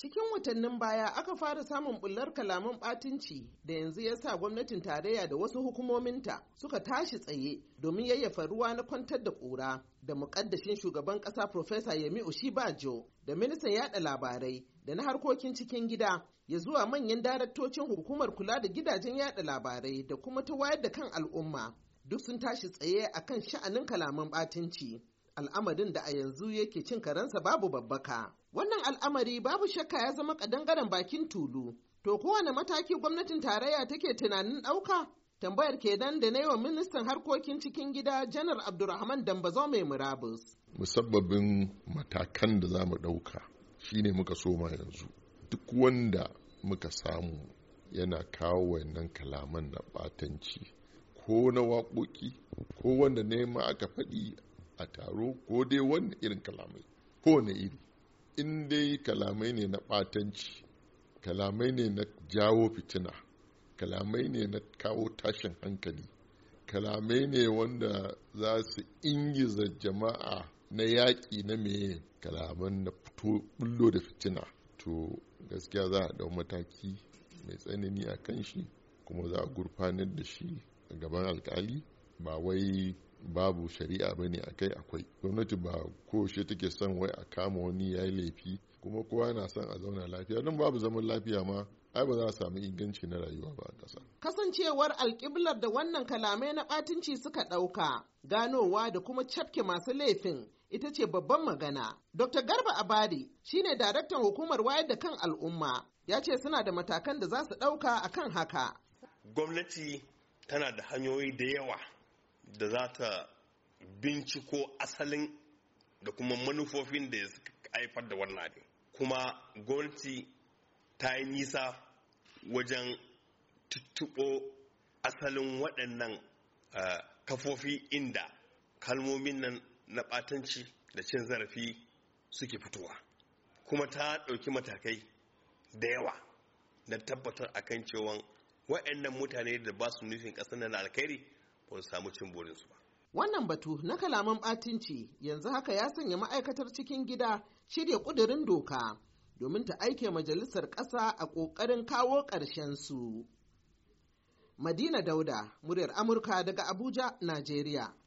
Cikin watannin baya aka fara samun bullar kalaman ɓatunci da yanzu ya sa gwamnatin tarayya da wasu hukumominta suka tashi tsaye domin yayyafa ruwa na kwantar da ƙura da muƙaddashin shugaban ƙasa Profesa Yemi Oshibajo da ministan yada labarai da na harkokin cikin gida ya zuwa manyan daraktocin hukumar kula da gidajen yada labarai da kuma ta wayar da kan al'umma duk sun tashi tsaye akan sha'anin kalaman ɓatunci. al'amarin da a yanzu yake cin karensa babu babbaka. Wannan al'amari babu shakka ya zama kadangaren bakin tulu. To kowane mataki gwamnatin tarayya take tunanin ɗauka? Tambayar kenan da na yi wa ministan harkokin cikin gida janar Abdulrahman Dambazo mai murabus. Musabbabin matakan da za mu ɗauka ne muka so ma yanzu. Duk wanda muka samu yana kawo wannan kalaman na ɓatanci ko na waƙoƙi ko wanda nema aka faɗi a taro ko dai wani irin kalamai ko wani iri in dai kalamai ne na ɓatanci kalamai ne na jawo fitina kalamai ne na kawo tashin hankali kalamai ne wanda za su ingiza jama'a na yaƙi na meye kalaman na fito bullo da fitina to gaskiya za a ɗau mataki mai tsanani a kan shi kuma za a gurfanar da shi a gaban alkali ba wai babu shari'a ba ne akai akwai gwamnati ba ko shi take son wai a kama wani ya yi laifi kuma kowa yana son a zauna lafiya don babu zaman lafiya ma ai ba za a samu inganci na rayuwa ba a ƙasa. Kasancewar alƙiblar da wannan kalamai na ɓatinci suka ɗauka, ganowa da kuma cafke masu laifin ita ce babban magana. Dr. Garba Abadi shine daraktan hukumar wayar da kan al'umma ya ce suna da matakan da za su ɗauka a kan haka. Gwamnati tana da hanyoyi da yawa da za ta binciko asalin da kuma manufofin da ya haifar da wannan abin kuma gwamnati ta yi nisa wajen tuttuɓo asalin waɗannan kafofi inda kalmomin nan na ɓatanci da cin zarafi suke fitowa kuma ta ɗauki matakai da yawa na tabbatar a kan cewa waɗannan mutane da ba su nufin ƙasar na alkhairi Wani samu cin burinsu ba. Wannan batu na kalaman ɓatinci yanzu haka ya sanya ma'aikatar cikin gida shirya ƙudurin doka domin ta aike majalisar ƙasa a ƙoƙarin kawo ƙarshen su. Madina Dauda, muryar Amurka daga Abuja, Najeriya.